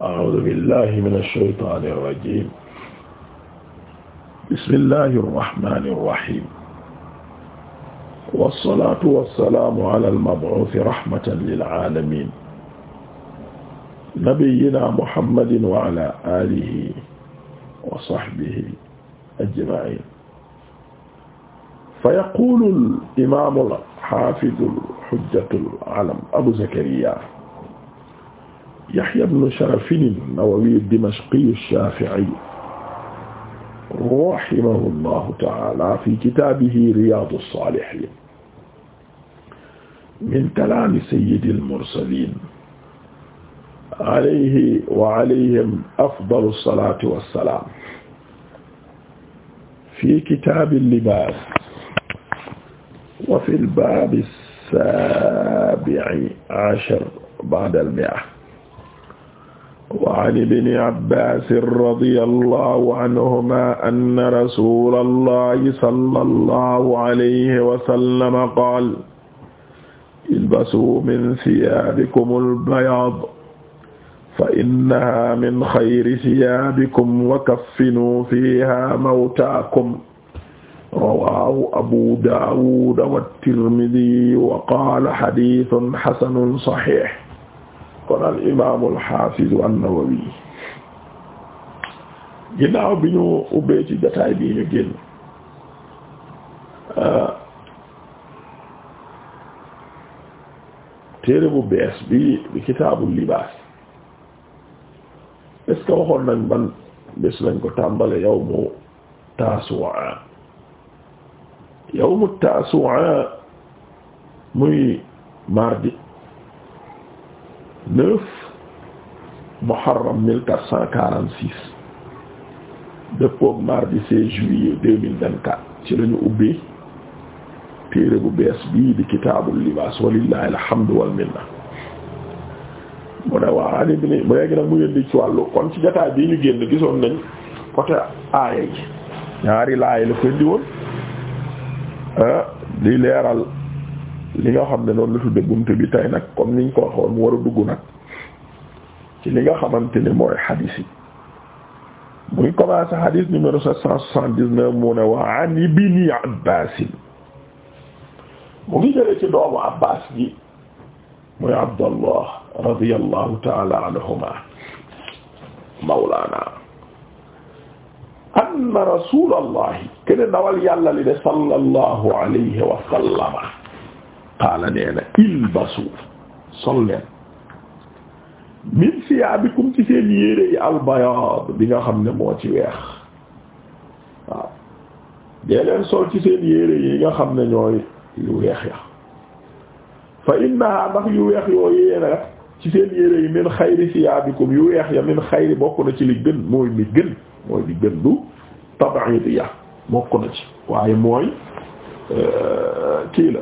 a'uuzu billaahi mina shaytaani rajiim bismillaahi rahmaani rahiim wassalaatu wassalaamu alal mab'uusi rahmatan lil aalamiin nabiyyinaa muhammadin wa alaa aalihi wa sahbihi ajma'iin fayaquulu al imaamul haafidu al hujjatul alam abu zakariyaa Yahya ibn Sharafin an-Nawawi ad-Dimashqi ash-Shafi'i rahimahu llahu ta'ala fi kitaabihi Riyaadu s-Saalihiin min kalaami sayyidi l-mursaliin alayhi wa alayhim afdalu s-salaati wa s-salaam fi kitaabi l-libaas wa fi l-baabi s-saabi'i ashar ba'da l-mi'a وعن ابن عباس رضي الله عنهما أن رسول الله صلى الله عليه وسلم قال البسوا من ثيابكم البياض فإنها من خير ثيابكم وكفنوا فيها موتاكم رواه أبو داود والترمذي وقال حديث حسن صحيح kon al imaamu al xaafizu an-Nawawi ginnaaw bi ñu ubbee ci jotaay bi ñu génn euh, téere bu bees bi bi kitaabul libaas est-ce que waxoon nañ ban bés lañ ko tàmbale yawmu taasuwaa yawmu taasuwaa muy mardi neuf Muharram mille quatre cent quarante six dëppook mardi juillet ci lañu ubbi téere bu bees bii di kitaabul libaas walillahi alhamdu wal minna mu ne waa ani bi ni mu léegi nag mu yëndi ci wàllu kon ci jotaay bii ñu génn gisoon nañ côté aaya yi ñaari laaya la ko woon ah, di leeral li nga xam ne noonu la tudde buntu bi tay nag comme ko waxoon mu war a dugg nag ci li nga xamante ne mooy xadiis yi muy commencé xadiis numéro sept cent soixante-dix-neuf mu ne wa an ibni Abbaas mu ngi jëlee ci doomu Abbaas ji muy Abdallah radiyallahu ta'ala anhuma mawlaana anna rasuulallahi kene dawal yàlla li de sallallahu alayhi wa sallama qaala nee na ilbasu sol leen min siyaabikum ci seen yére yi albayaad bi nga xam ne moo ci weex waaw dee leen sol ci seen yére yi nga xam ne ñooy yu weex ya fa innaha ndax yu weex yoo yéena ci seen yére yi min xayri siyaabikum yu weex ya min xayri bokk na ci li gën mooy mi gën mooy li gën du tabaxiti ya bokk na ci waaye mooy euh, kii la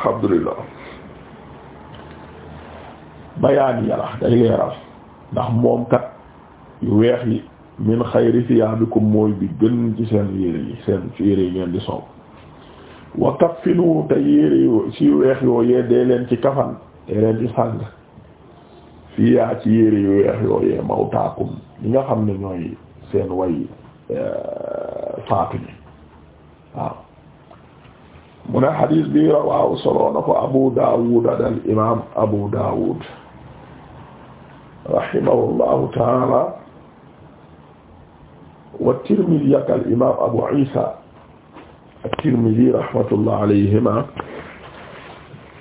alhamdulillah bayaan yàlla day leeral ndax moom kat yu weex yi min xayri siyaabikum mooy bi gën ci seen yére yi seen yére yi ngeen di sol wa kaffinu te yére leen ci kafan dee leen ci sàng yére yu weex yooyee mawtaakum ñi nga xam ne ñooy seen way eh, faatu ñi waaw mu ne xadis bi rawaahu solo na ko Abu Dawud dal imaam Abu Dawud rahimahullahu taala wa Tirmidi ak al imaam Abu Isa at-Tirmidi rahmatullah alayhima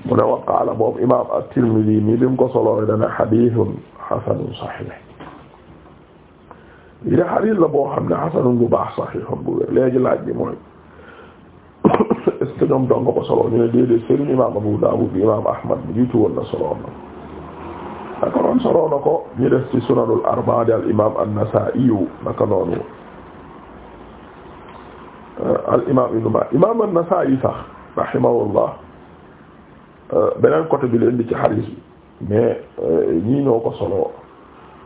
mu ne waqaala boobu imaam at-Tirmidi mi lim ko solo dana xadiisun xasanun saxiix lii de xadis la boo xam ne xasanun bu baax saxiixun bu wér léegi laaj bi mooy. est-ce que ñoom doon nga ko solo ñu imaam Abu Daawud bi imaam Ahmad bi jiitu woon na solo na naka solo na ko ñu def ci sunanul arba'a di al imaam an-Nasaa'i naka euh, imaam Ibn Maaja imaam an-Nasaa'i sax rahimahullah euh, beneen côté bi leen di ci xadiis bi mais euh, ko solo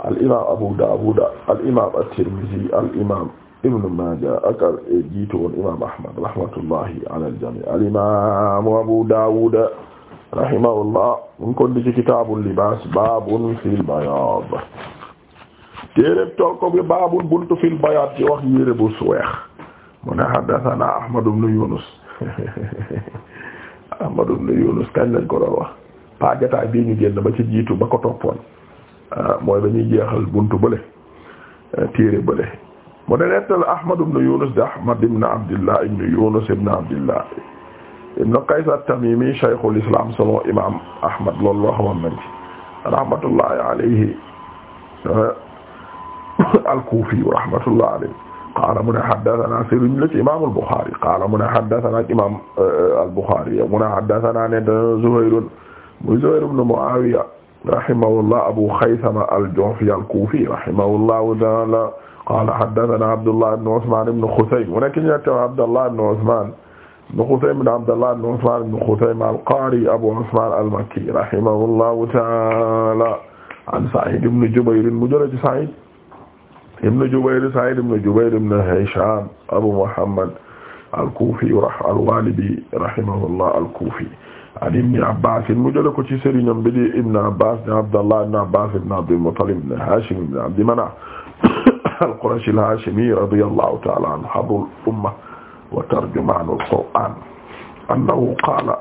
al Abu Daawud al imaam at ibnu Maaja ak jiitu woon imaam Ahmad rahmatullahi ala al-jamii al imaamu Abu Daawud rahimahullah mun kon di ci kitaabul libaas baabun fil bayaad bi baabun buntu fil bayaad ci wax yére mu ne haddasanaa Ahmad ibnu Yunus Ahmad ibnu Yunus kañ lañ ko doon wax pajataay bii ñu génn ba ci jiitu ba ko toppoon ah, mooy ba ñuy jeexal buntu bële téere bële mu ne nettal Ahmad ibn Yunus di Ahmad ibn Abdillah ibn Yunus ibn Abdillah ibn Qays at-Tamimi shaykhul islam selon imam Ahmad loolu loo xamoon nañ ci rahmatullahi alayhi al-Kufi rahmatullahi alayhi qaala mu ne haddathana sëriñ la ci imam al-Bukhari qaala mu ne haddathana ak imam euh, al-Bukhari mu ne haddathana ne Zuhayr muy Zuhayr ibn Muawiya rahimahullah Abu Khaythama al-Ju'fi al-Kufi rahimahullahu ta'ala qaala haddathana Abdullah ibn Usman ibn Khuthaym mu nekk ñu taw Abdullah ibn Usman ibn Khuthaym ibn Abdullah ibn Usman ibn Khuthaym al-Qari Abu Usman al-Makki rahimahullahu ta'ala an Sa'id ibn Jubayr mu jëlee ci Sa'id ibn Jubayr Sa'id ibn Jubayr ibn Hisham Abu Muhammad al-Kufi al-Walibi rahimahullah al-Kufi an Ibn Abbas mu jëlee ko ci sëriñam bi di Ibn Abbas di Abdallah ibn Abbas ibn Abdul Muttalib ibn Hashim ibn Abdi Manaf al-Qurashi al-Hashimi radiyallahu ta'ala anhu habrul umma wa tarjumanul Qur'an annahu qala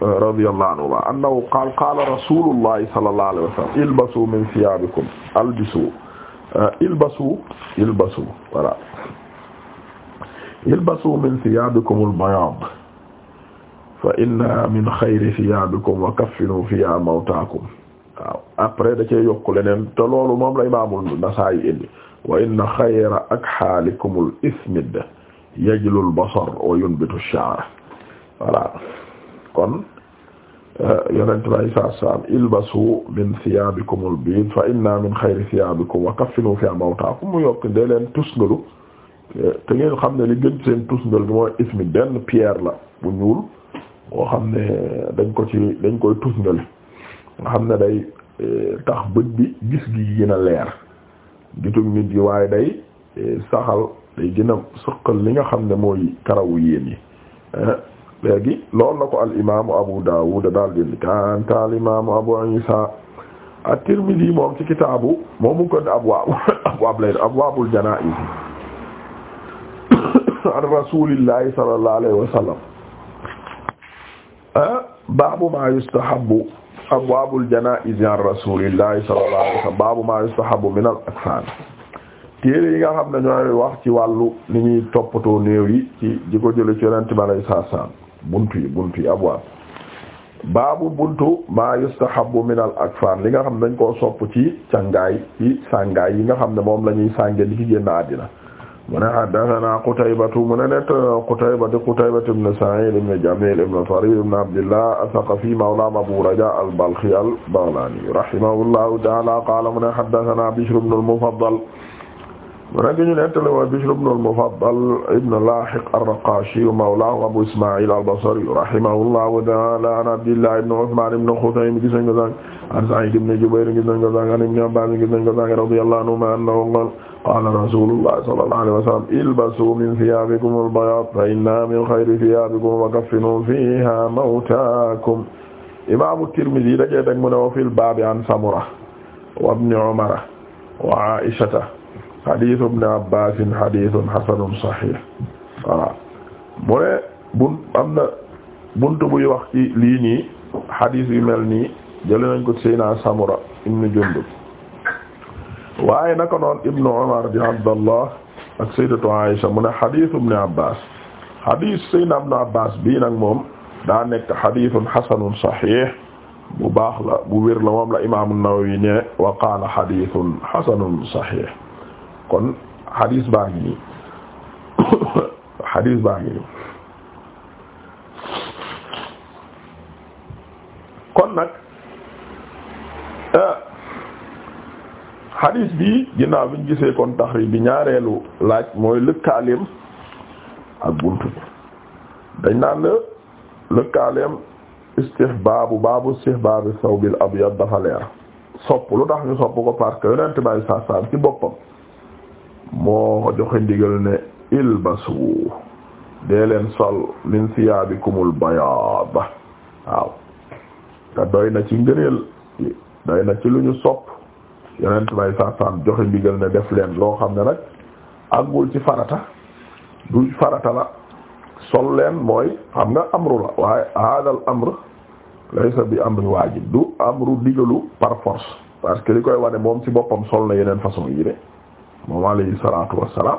radiyallahu anhu annahu qala qala rasulullahi sallallahu alayhi wa sallam ilbasu min thiyabikum albisu ilbasu ilbasu voilà ilbasu min thiyabikum al-bayad fa inna min xayri thiyabikum wa kaffinu fiha mawtakum waaw après da cee yokk leneen te loolu moom la imaamul Nasaa'i indi wa inna xayra akxaalikumul ismid yajlul basar wa yunbitu sha'r voilà kon eh, yonent bi alayhi salaatu salaam ilbasu min thiyaabikumul biid fa inna min xayri thiyaabikum wa kaffinu fiihaa mawtaakum mu yokk dee leen tusngalu eh, te ngeen xam ne li gën seen tusngal gi mooy ismid benn pierre la bu ñuul boo xam ne dañ ko ci dañ koy tusngali nga xam ne day eh, tax bët bi gis gi gën a leer gitug nit gi waaye day eh, saxal day gën sëqal li nga xam ne mooy karawu yéen yi eh, léegi loolu la ko al imaamu Abu Dawud daal di kanta al imaamu Abu Isa at-Tirmidhi moom ci kitaabu moom mu ko ne abwaab abwaab lay abwaabul an rasuulillahi sallallahu alayhi eh, baabu maa yustahabbu abwaabul janaa'iz an rasuulillahi sallallahu alayhi wasallam baabu maa yustahabu minal akfaan téere yi nga xam ne ñooy wax ci wàllu ni ñuy toppatoo néew yi ci di ko jële ci yonent ma lay saa saan bunt yi buntu yi abwaab baabu buntu maa yustahabu ak akfaan li nga xam ne dañ ko sopp ci cangaay ci sàngaay yi nga xam ne moom la ñuy sànge di ci génn àddina mu ne haddathana Qutaybatu mu ne net Qutayba di Qutaybatu ibn Sa'id ibn Jamil ibn Tarif ibn Abdillah ath-Thaqafi mawla Abu Raja al-Balkhi al-Baghlani rahimahullahu ta'ala qala mu ne haddathana Bishr ibn al-Mufaddal mane ki ñu nettale mooy Bishr ibn al-Mufaddal ibn Lahiq ar-Raqashi mawlaahu Abu Isma'il al-Basri rahimahullahu ta'ala an Abdillah ibn Uthman ibn Khuthaym gis nañ ko sànq an Sa'id ibn Jubayr gis nañ ko sànq an Ibn Abbas gis nañ ko sànq radiyallahu anhuma annahu qala qala rasulullah sallallahu alayhi wa sallam ilbasu min thiyabikum al-bayad fa inna min khayri thiyabikum wa kaffinu fiha mawtakum imam at-Tirmidhi dajee teg mu ne wa fil baabi an Samura wa ibn Umara wa Aishata hadith ibn Abbas hadithun hasanun sahih voilà mu ne bun am na buntu buy wax ci lii nii hadith yu mel nii jëlee nañ ko Seyna Samura ibn Jundub waaye naka noon Ibn Umar di Abdallah ak Sayyidatu Aisha mu ne hadith ibn Abbas hadith Seyna ibn Abbas bii nag moom daa nekk hadithun hasanun sahih bu baax la bu wér la moom la Imam An-Nawawi ne wa qaala hadithun hasanun sahih kon hadis baa ngi nii hadis baa ngi nii kon nag hadis eh, bii ginnaaw bi gisee kon taxrib bi ñaareelu laaj mooy lëkkaaleem ak bunt bi dañ naan la lëkkaaleem istihbaabu baabu istihbaabi sawbil abyad dafa leer sopp lu tax ñu sopp ko parce que yonent bay ci boppam moo joxe ndigal ne ilbasu dee leen sol min siyaabikumul bayaad waaw te doy na ci ngëneel doy na ci lu ñu sopp yeneen may saasaam joxe ndigal ne def leen loo xam ne nag àggul ci farata du farata la sol leen mooy xam nga amru la waaye hadal amr laysa bi amri waajib du amru digalu par force parce que li koy wane moom ci boppam sol na yeneen façon yi de moom alayhi salaatu wassalaam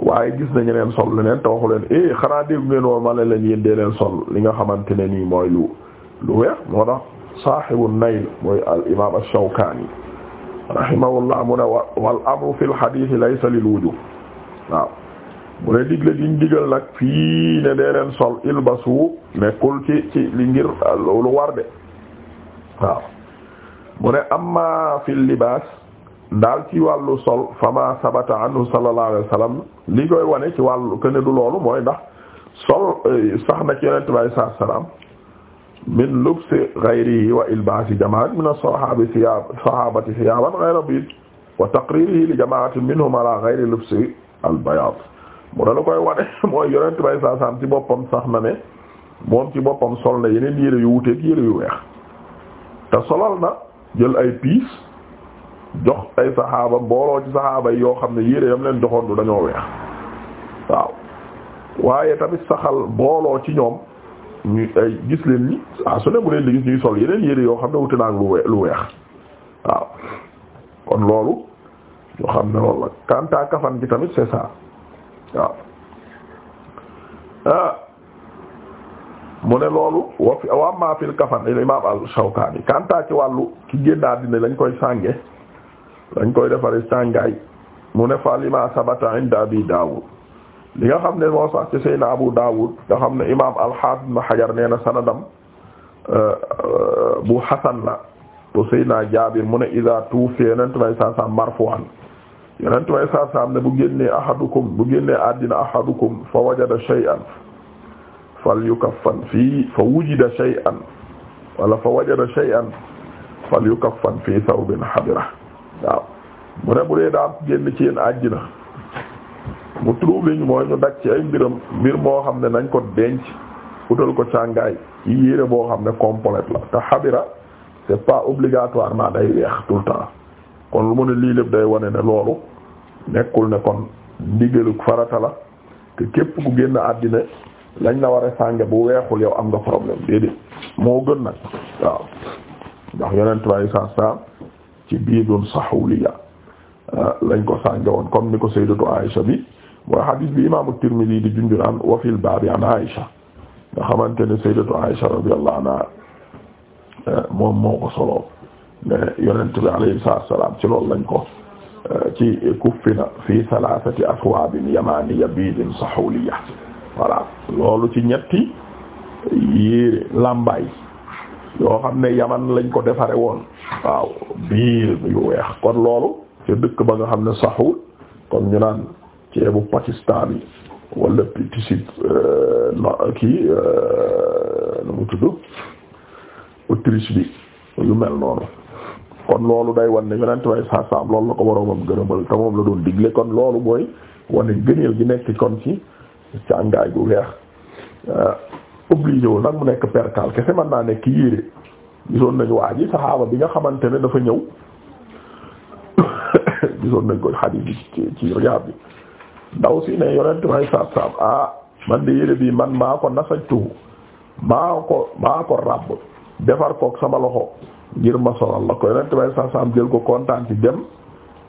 waaye gis nañu leen sol leneen te waxu leen eh xanaa dégg ngeen ma ne leen yéen sol li nga xamante ne nii mooy lu lu weex moo tax saahibu nayl mooy al imaam ash-Shawkaani rahimahullah mu ne mu ne digle diñ digal nag fii ne dee leen sol ilbasu nekkul ci ci li ngir lu war de mu ne amma fil libaas daal ci wàllu sol fama sabata anhu sallallahu alayhi wa sallam li koy wane ci wàllu que du loolu mooy ndax sol eh, sax na ci yonent bi alayhi salaatu wa salaam min lubsi ghayrihi wa ilbaasi jamaatin min as-sahaabati thiyaab sahaabati thiyaaban wa taqririhi li jamaatin minhum ala ghayri lubsi al mu da koy wane mooy yonent bi salaam ci boppam sax na ne moom ci boppam sol na yeneen yére yu wute yére yu weex te solal na jël ay piis jox ay saxaaba mbooloo ci saxaaba yi yoo xam ne yére yam leen joxoon du dañoo weex waaw waaye tamit saxal mbooloo ci ñoom ñu ay gis leen ni ah su ne mu leen di gis ñuy sol yeneen yére yoo xam ne wuti naag lu lu weex waaw kon loolu ñu xam ne loolu la kafan gi tamit c'est waaw ah. mu ne loolu wa fi wa ma fil kafan al imam al Shawkani kanta ci wàllu ki génn àddina lañ koy sànge dañ koy defari sàngaay mu ne fa lima sabata inda abi daawud li nga xam ne moo sax abu daawud nga xam ne imam al-hafiz hajar nee na sanadam euh, euh, bu hasan la bu sayna jaabir mu ne ida tuufi yenentu may saasam marfu'an yenentu may saasam ne bu génnee ahadukum bu génnee addina ahadukum fa wajada shay'an fal yukaffan fii fa wujida shay'an wala fa wajada waaw mu ne bu dee daa génn ci yéen àddina mu trouble ñu mooy ñu daj ci ay mbiram mbir moo xam ne nañ ko denc utal ko càngaay yi yére boo xam ne complète la te xabira c'est pas obligatoirement day weex tout temps kon lu mu lii lépp day wane ne loolu nekkul ne kon ndigalu farata la te képp ku génn àddina lañ la war a sànge bu weexul yow am nga problème déedéet moo gën nag waaw ndax yonent bi saa saa ci biidun saxuliya ah, lañ ko sànge woon comme ni ko sayyidatu Aïcha bi mooy hadith bi di junjuraan wa fil baabi an Aïcha nga xamante ne sayyidatu Aïcha radiyallahu anha eh, moom moo ko solo ne yonent bi alayhi salaam ci loolu lañ ko eh, ci kuffina fi thalathati aswaabin yamaniya biidin saxuliya voilà loolu ci ñetti yi làmbaay yoo xam yaman lañ ko defare woon waaw biir yu weex kon loolu ca dëkk ba nga xam ne saxul kon ñu naan ceebu Pakistan yi wala tisib euh, kii euh, nu mu tudd Autriche bi yu mel noonu kon loolu day wan ne yonent way saasaam loolu la ko boroomam gërëmal te moom la doon digle kon loolu mooy wane gëneel gi nekk kon ci càngaay gu weex euh, obligé wul nag mu nekk percal kese mën naa nekk yére gisoon nañu waa ji saxaaba bi nga xamante ne dafa ñëw gisoon nañ ko xadiis bi ci ci bi ndaw si ne yonent may saab saab ah man de yére bi man maa ko nasajtuhu maa ko maa ko ràbb defar kook sama loxo ngir ma solal la ko yonent may saab saab jël ko kontaan ci dem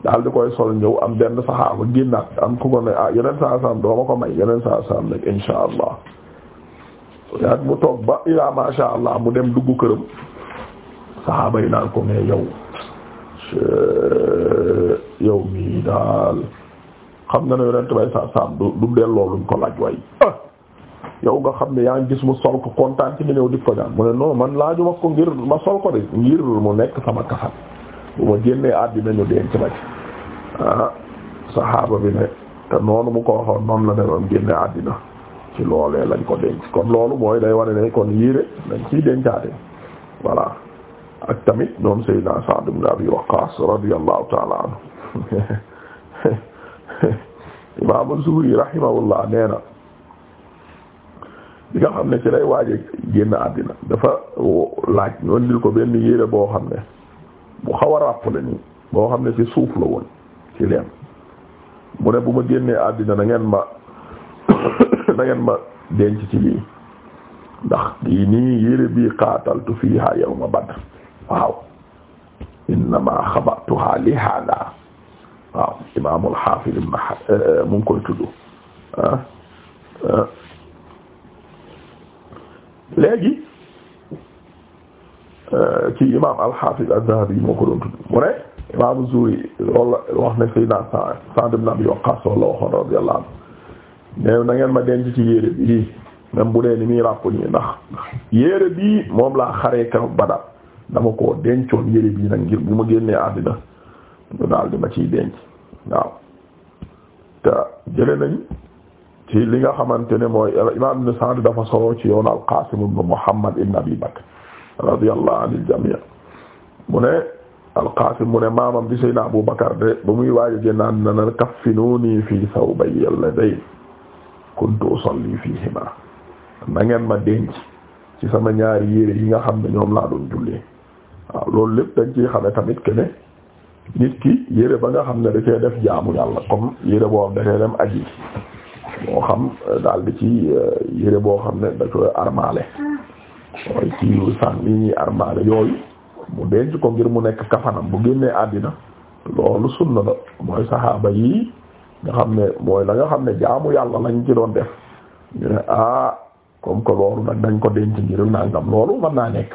daal di koy sol ñëw am benn saxaaba génnaat am ku ko ne ah yeneen saa saam doo ko may yeneen saa saam nag insha allah yaag mu toog ba ilaa masha allah mu dem dugg këram saxaaba yi naan ko mais yow yow mii daal xam nga ne yonent bay sa saam du du delloo luñ ko laaj way ah! yow nga xam ne yaa ngi gis mu sol ko kontaan ci nga ñëw di ko ñaan mu ne non man laaju ma ko ngir ma sol ko de ngir mu nekk sama kasam bu ma génnee àddina ñu denc ma ci ah! saxaaba bi ne te noonu mu ko waxoon noonu la ne doon génne àddina ci loolee lañ ko denc kon loolu mooy day wane ne kon yére dañ ciy dencaate voilà ak tamit ñoom Seydina Sa'd ibn Abi Waqqas radiyallahu ta'ala anhu Imam Zuhri rahimahullah nee na bi nga xam ne ci lay waaje génn àddina dafa laaj ñu andil ko benn yére boo xam ne bu xaw a ràpp la boo xam ne ci suuf la woon ci leen mu ne bu ma génnee àddina na ngeen ma na ngeen ma denc ci lii ndax lii nii yére bii qaataltu fiihaa yawma Badr waaw innama xabatuha li hada waaw imaamul xaafid ibn eh, eh, mu ngi koy tudd ah, ah. léegi eh, ci imaam al-Hafiz az-Zahabi moo ko doon tudd mu ne imaam Zuhri loolu la wax ne Seydina Sa'd ibn Abi Waqqas la waxoon radiyallahu anhu ne na ngeen ma denc ci yére bii même bu dee ni muy ràpp nii ndax yére bii moom laa xaree ka Badar dama ko dencoon yëre bu ma génnee àddina ñu daal di ma ci denc waaw te jële nañ ci li nga xamante ne mooy imam ibn Sa'd dafa solo ci yoon al-Qasim ibn Muhammad mu ne al mu maamam bi Seydina Abu Bakr de ba muy waajo génnaan na na kaffinuuni fii thawbayya alladayn kuntu usalli fiihima na ngeen ma denc ci sama ñaari yére yi nga xam ne ñoom laa doon jullee waaw loolu lépp dañ ciy xame tamit que nit ki yére ba nga xam ne da cee def jaamu yàlla comme yére boo xam da cee dem aji moo xam euh, daal di ci euh, yére boo xam ne da koy armaale ñuy armaale yooyu mu denc ko ngir mu nekk kafanam bu génnee àddina loolu sunna la mooy saxaaba yi nga xam ne mooy la nga xam ne jaamu yàlla lañ ci doon def ñu ne ah comme que loolu nag dañ ko denc ngir nangam loolu mën naa nekk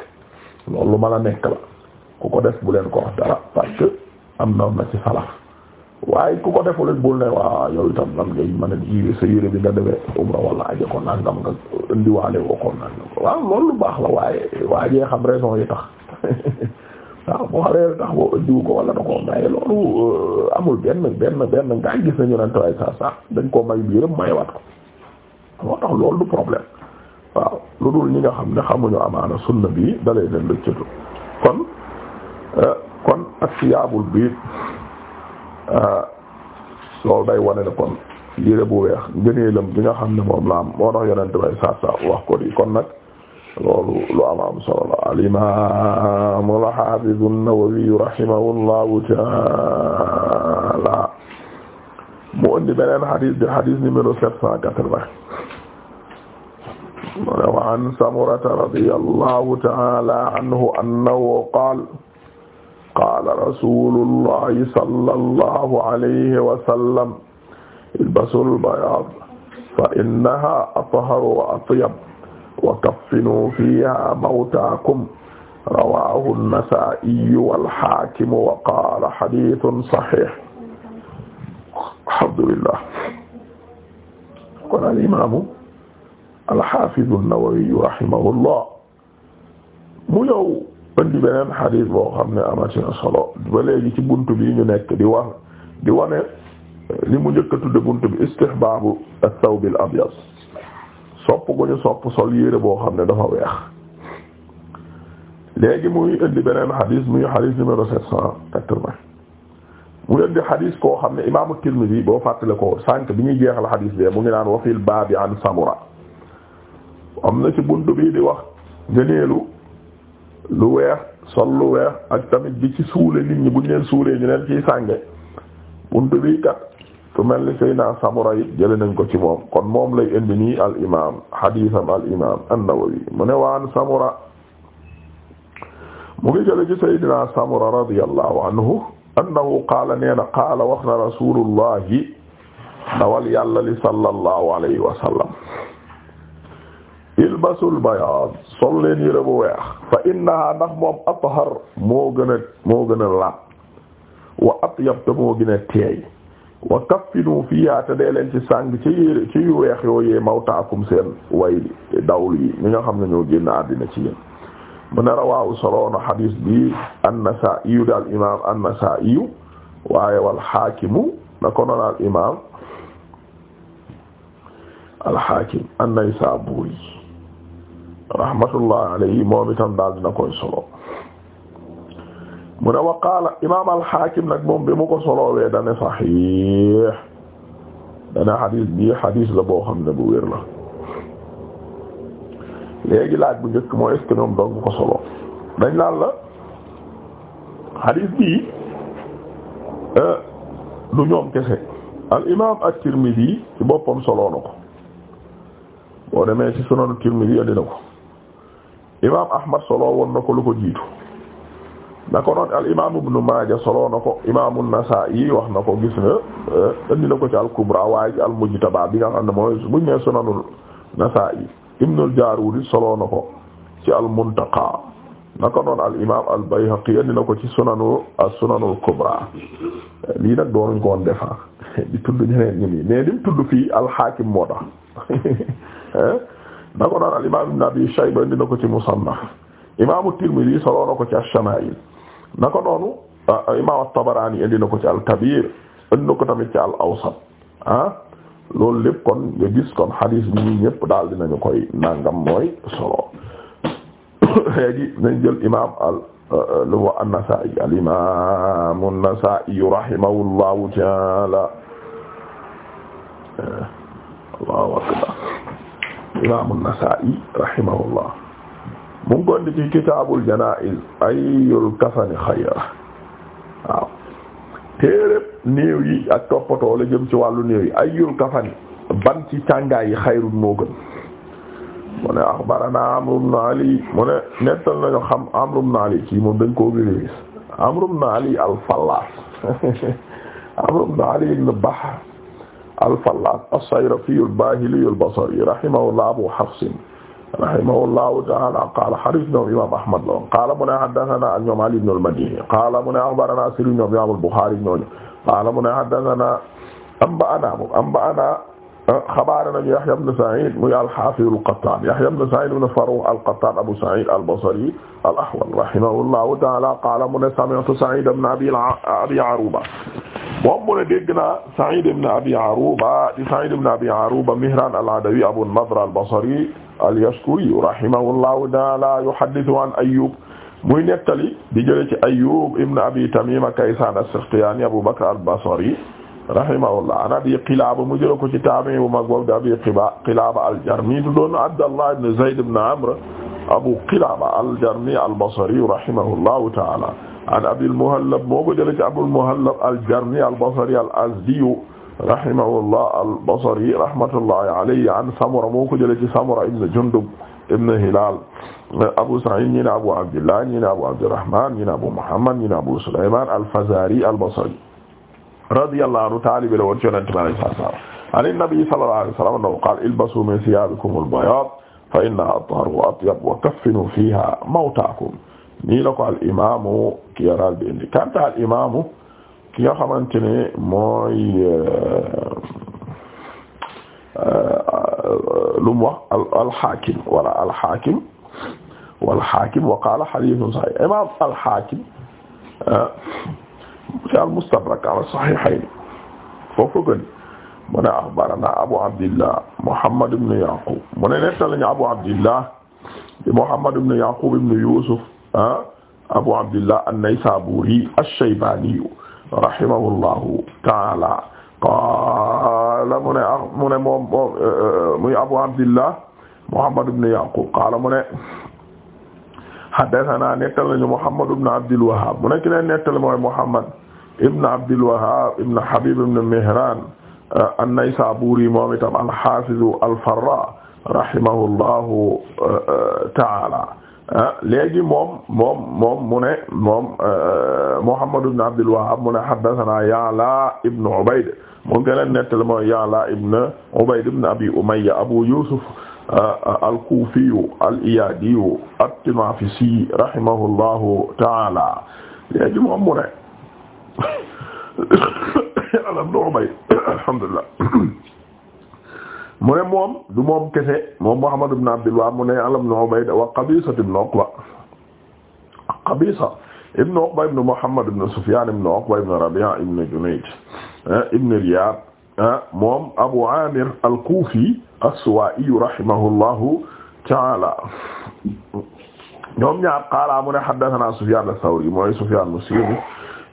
loolu lu ma la nekk la ku ko def bu leen ko wax dara parce que am na na ci salaf waaye ku ko defu leen bul ne waa yow itam lan ngay a jiwe bi nga demee umra wala aje ko woo ko nangam waaw loolu lu baax la waaye waa waajee xam raison yi tax waaw boo xawee tax boo ëndiwu ko wala da koo maye loolu euh, amul benn benn benn ngaa gis nañu ne taway sa sax dañ koo may biiram mayewaat ko moo tax loolu du problème waaw lu dul ñi nga xam ne xamuñu amaana sunna bi dalay leen lëccatu kon euh, kon ak siyaabul biit euh, day wane kon yére bu weex ngëneelam bi nga xam ne moom la am moo tax yonent bay saat sa wax ko di kon nag loolu lu am am solo la al imaam al haafiz an-Nawawi rahimahullahu ta'ala mu indi beneen hadith bi hadith numéro sept cent quatre wa an samurata radiyallahu ta'ala anhu annahu qaala qaala rasuulullahi sallallahu alayhi wa sallam ilbasul bayaad fa innahaa atharu wa atyab wa kaffinuu fiihaa mawtaakum rawaahu an-nasaa'iyu wal haakim wa qaala hadiisun sahiih alhamdulillah kon al imaamu al-Hafiz an-Nawawi rahimahullah mu ñëw indi beneen xadis boo xam ne amatina solo ba léegi ci buntu bi ñu nekk di wax di wane li mu njëkk a tudde buntu bi istihbaabu ath-thawb al-abyad sopp gu sopp sol yére boo xam ne dafa weex léegi muy indi beneen xadis muy xadis numéro sept cent quatre-vingts mu indi xadis koo xam ne imaamu Tirmidhi boo fàttale ko sànq bi ñuy jeexal xadis bee mu ngi naan wa fil baabi an Samura am na ci buntu bii di wax gëneelu lu weex sol lu weex ak tamit bi ci suule nit ñi buñ leen suulee ñu leen ciy sànge buntu bii kat ku mel ni Seydina Samura yi jële nañ ko ci moom kon moom lay indi nii al imaam xadiisam al imaam an-Nawawi mu ne waan Samura mu ngi jële ci Seydina Samura radiyallahu anhu annahu qaala nee na qaala wax na rasulullahi dawal yàlla li sallallahu alayhi wa sallam ilbasul bayaad sol leen yére bu weex fa innaha ndax moom athar moo gën a moo gën a laab wa atyab te moo gën a teey wa kaffinu fiha te dee leen ci sàng ci yére ci yu weex yooyee mawtaakum seen way dawlu yi ñi nga xam ne ñoo génn àddina ci yéen mu ne rawaahu soloona xadiis bi an-Nasaa'iyu daal imaam an-Nasaa'iyu waaye wal xaakimu na ko noon al imaam al xaakim an-Naysaabuuri rahmatullah alayhi moom itam daal dina koy solo mu ne wa qaala imaam al-Hakim nag moom bi mu ko solowee dane sahih dane xadis bi xadis la boo xam ne bu wér la léegi laaj bu njëkk mooy est-ce que ñoom doon bu ko solo dañ laal la xadis bi euh, du ñoom kese al imaam at-Tirmidhi ci boppam solo na ko boo demee ci sunan at-Tirmidhi andi na ko imaam Ahmad solo woon na ko lu ko jiitu na ko noon al imaam Ibnu Maaja solo na ko imaamu Nasaa'i wax na ko gis na eh, indi na ko ci al Kubra waaye ci al Mujtaba bi nga xam ne mooy bu ñu sunanul Nasaa'i Ibnul Jaaruud solo na ko ci al Muntaqa na ko noon al imaam al Bayhaqi indi na ko ci sunanu as sunanul Kubra lii nag doonuñ ko woon defar ah. di tudd ñeneen ñi mais li mu tudd fii al Haakim moo tax. Eh? na ko daal imaam ibn Shayba indi na ko ci Musannaf imaamu Tirmidhi soloo na ko ci Ash-Shamaa'il na ko noonu imaam At-Tabarani indi na ko ci Al-Kabir indi na ko tamit Al-Awsat ah loolu kon nga gis kon hadith bi ñi ñëpp daal dinañu koy nangam mooy solo léegi nañ imaam al lu wa al-imaam an-Nasa'i rahimahullahu ta'ala Allahu akbar imaamu Nasaa'i rahimahullah mu ngi ko indi ci kitaabul janaa'iz ayyul kafani xayra waaw téereb néew yi ak toppatoo la jëm ci wàllu néew yi ayyul kafani ban ci càngaay yi xayrun moo gën mu ne Amru ibn Ali mu nettal nañu xam Amru ibn Ali kii moom dañ koo gën Amru ibn Ali al-Fallaas Amru ibn Ali ibn Bahr al-Fallaas as-Sayrafi al-Baahili al-Basri rahimahullah Abu Hafs rahimahullahu ta'ala qaala xarit ñoom imaam Ahmad la woon qaala mu ne haddathana ak ñoom Ali ibn al-Madini qaala mu ne akhbarana Sëriñ ñoom imaam al-Bukhari ñooñu qaala mu ne haddathana anba'ana anba'ana Ah, xabaarana Yahya ibn Sa'id muy al-Hafiz al-Qattan Yahya ibn Sa'id ibn Farrukh al-Qattan Abu Sa'id al-Basri al-Ahwal rahimahullahu ta'ala qala mu ne sami'tu Sa'id ibn Abi Aruba moom mu ne dégg naa Sa'id ibn Abi Aruba di Sa'id ibn Abi Aruba Mihran al-Adawi Abu an-Nadr al-Basri al-Yashkuri rahimahullahu ta'ala yuhaddithu an Ayyub muy nettali di jële ci Ayyub ibn Abi Tamima Kaysan as-Sakhtiyani Abu Bakr al-Basri rahimahullah an abi qilaaba mu jëla ko ci tabi'i bu mag boobu di abi qilaaba al-jarmi doon abdallah ibn zayd ibn amr abu qilaaba al-jarmi al-basri rahimahullahu ta'ala an abil muhallab moo ko jëlee ci abul muhallab al-jarmi al-basri al-azdi rahimahullah al-basri rahmatullahi alayhi an samura moo ko jëlee ci samura ibn jundub ibn hilal abu sa'id ñi ne abu abdillah ñi ne abu abdurrahman ñi ne abu muhammad ñi ne abu sulayman al-fazari al-basri radiyallahu anhu taalibi la woon ci yonente bi alayhi salaam ani nabi sallallahu alayhi wa sallam annahu qaala ilbasu min thiyaabikum al-bayaad fa innahaa atharu wa atyab wa kaffinu fiihaa mawtaakum nii la ko al imaamu ki yaral bi indi kanta al imaamu ki nga xamante ne mooy euh, lu mu wax alxaakim wala alxaakim walxaakim wa qaala hadiisun sahiih imaam alxaakim euh, ci al-Mustadrak ala Sahihayn foofu ko ni mu ne axbarana Abu Abdillah Muhammad ibn Yaqub mu ne nettali ñu Abu Abdillah di Muhammad ibn Yaqub ibn Yusuf ah Abu Abdillah an-Naysaburi ash-Shaybani rahimahullahu ta'ala qaala mu ne mu ne moom eh, eh, muy Abu Abdillah Muhammad ibn Yaqub qaala mu ne haddathana nettali ñu Muhammad ibn Abdil Wahhab mu ne ki ne nettali mooy Muhammad ibn Abdul Wahhab ibn Habib ibn Mihran uh, an-Naysaburi moom itam al-Hafiz al-Farra rahimahullahu uh, uh, ta'ala léegi moom moom moom mu ne moom Muhammad ibn Abdul Wahhab mu ne haddathana Ya'la ibn Ubayd mu gën a nettali mooy Ya'la ibn Ubayd ibn Abi Umayya Abu Yusuf al-Kufi al-Iyadi at-Tinafisi rahimahullahu ta'ala léegi moom mu ne alam doo bay alhamdulilah mu ne moom du moom kese moom Muhammad ibn Abdul Wahhab mu ne alam ibn Ubayd wa Qabisa ibn Uqba Qabisa ibn Uqba ibn Muhammad ibn Sufyan ibn Uqba ibn Rabi'a ibn Junayd eh, ibn Riyab eh, moom Abu Amir al-Kufi as-Suwa'i rahimahullahu ta'ala ñoom ñaar qaala mu ne haddathana Sufyan as-Sawri mooy Sufyan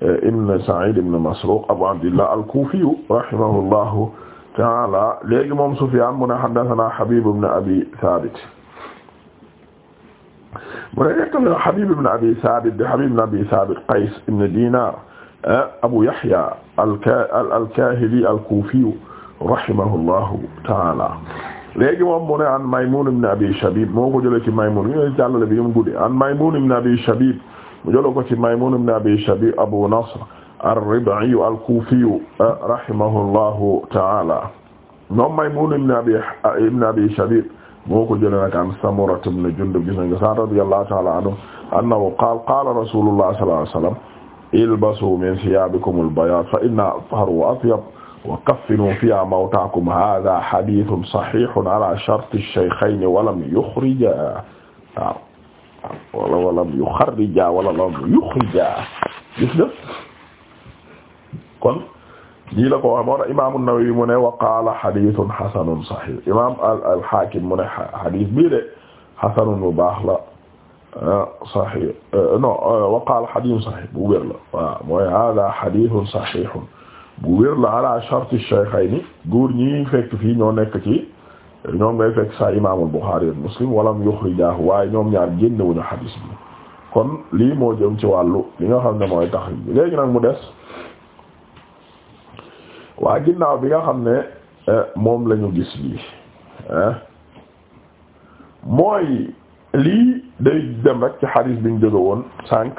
Eh, ibn Sa'id ibn Masruq Abu Abdillah al-Kufi rahimahullahu ta'ala léegi moom Sufyan mu ne haddathana Habib ibn Abi Thabit mu ne nettali Habib ibn Abi Thabit de Habib ibn Abi Thabit Qays ibn Dinar eh, Abu Yahya al-Kahili al-Kufi rahimahullahu ta'ala léegi moom mu ne an Maymun ibn Abi Shabib moo ko jëlee ci Maymun ñu jàllale bi mu guddi an Maymun ibn Abi Shabib mu jëloo ko ci Maymun ibn Abi Shabi Abu Nasr ar-Rib'i al-Kufi rahimahullahu ta'ala moom Maymun ibn Abi ibn Abi Shabib moo ko jëlee nag an Samura ibn Jundub gis nañ ko sa radiyallahu ta'ala anhu annahu qaala qaala rasulullah sallallahu alayhi wa sallam ilbasu min thiyabikum al-bayad fa inna atharu wa atyab wa kaffinu fiha mawtakum hadha hadithun sahihun ala sharti ash-shaykhayn wa lam yukhrija waaw wala wala yu xarrija wala lam yuxrija gis nga kon lii la ko wax moo tax imaamu Nawawi mu ne wa qaala xadiisun xasanun saxiix imaam al al xaakim mu ne xadiis bii de xasanun bu baax la ah, saxiix eh, non eh, wa qaala xadiisun saxiix bu wér la waaw mooy haadaa xadiisun saxiixun bu wér la ala sharti shaykhayni góor ñi fekk fii ñoo nekk ci. ñoom ngay fekk sa imaamul Buxaari Muslim walam yuxrijaahu waaye ñoom ñaar génnewuñu xadiis bi kon lii moo jëm ci wàllu li nga xam ne mooy taxriij bi léegi nag waa ginnaaw bi nga xam ne eh, moom lañu gis lii eh, mooy lii day dem rek ci xadiis bi jóge woon sànq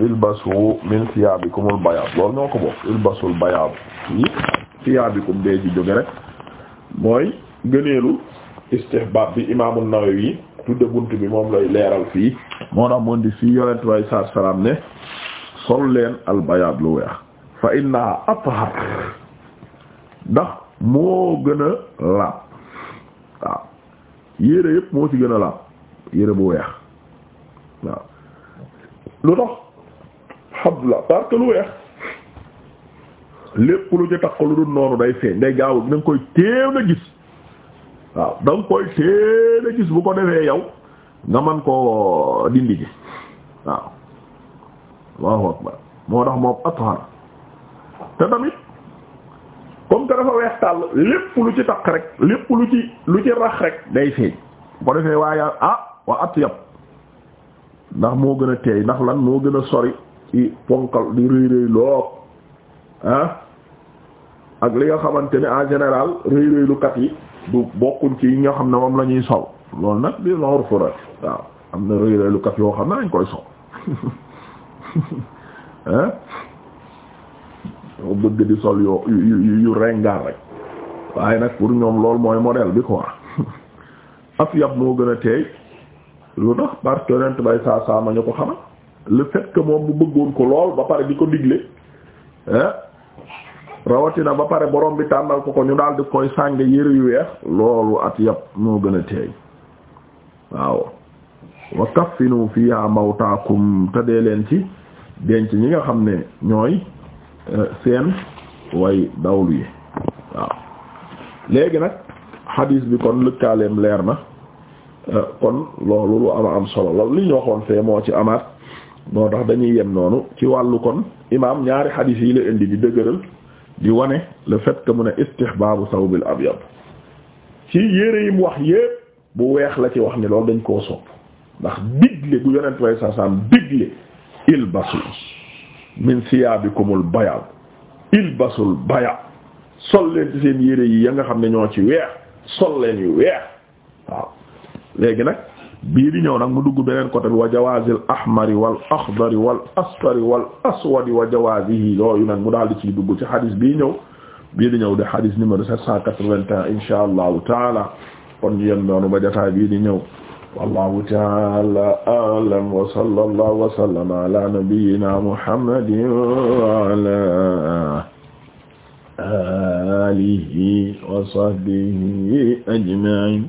ilbasu min siyaabikumul bayaad loolu ñoo ko bokk ilbasul bayaad yi siyaabikum dee ji jóge rek mooy gëneelu istihbaab bi imaam an-Nawawi tudde bunt bi moom lay leeral fii moo tax moon di fii yonent bi alayhi salaatu salaam ne sol leen albayaad lu weex fa innaha athar ndax moo gën a laab waaw yére yëpp moo ci gën a laab yére bu weex waaw lu tax habla parce que lu weex lépp lu ci takk lu dul noonu day feeñ day gaaw danga koy teew na gis waaw da nga koy teel a gis bu ko defee yow nga man koo dindi ji waaw Allahu akbar moo tax moom athar te tamit comme que dafa weex tàll lépp lu ci taq rek lépp lu ci lu ci rax rek day feeñ bu ko defee waaye ah wa atyab ndax moo gën a teey ndax lan moo gën a sori ci ponkal di rëy rëy loo ah ak li nga xamante ne en général rëy rëylukat yi du bokkuñ ci yi nga xam ne moom la ñuy sol loolu nag di lor furat waaw am na réeréelu kat yoo xam ne dañ koy sol hein yoo bëgg di sol yoo yu yu rengaar rek waaye nag pour ñoom loolu mooy modèle bi quoi af yab moo gën a teey lu tax parce que bay saa ñu ko xamal le fait que moom bu bëggoon ko lool ba pare di ko digle hein rawatina ba pare borom bi tànnal ko ko ñu daal koy sàng yëre yu weex loolu at yàpp moo gën a teey waaw wa kaffinu fiha mawtaakum te dee leen ci denc ñi nga xam ne ñooy euh, seen way dawlu yi waaw léegi nag xadiis bi kon lëkkaaleem leer na euh, kon loolu lu ama am solo la liñ ñu waxoon fee moo ci amaat moo tax dañuy yem noonu ci wàllu kon imaam ñaari xadiis yi la indi di dëgëral di wane le fait que mu ne istihbaabu sawbil abyad ci yére yi mu wax yépp bu weex la ci wax ni loolu dañ koo sopp ndax digle bu yonent way sa sam digle ilbasu min siyabikumul bayad basul baya sol leen ci seen yére yi ya nga xam ne ñoo ci weex sol leen yu weex waaw léegi nag bii di ñëw nag mu dugg beneen côté bi wa jawazil ahmari wal akhdari wal asfari wal aswadi wa jawazihi yooyu nag mu daal di ciy dugg ci xadis bii ñëw bii di ñëw de xadis numéro 781 insha allahu taala kon ñu yem noonu ba jotaay bii di ñëw wallahu taala a'lam wa sallallahu wa sallama ala nabiyyina muhammadin wa ala alihi wa sahbihi ajma'in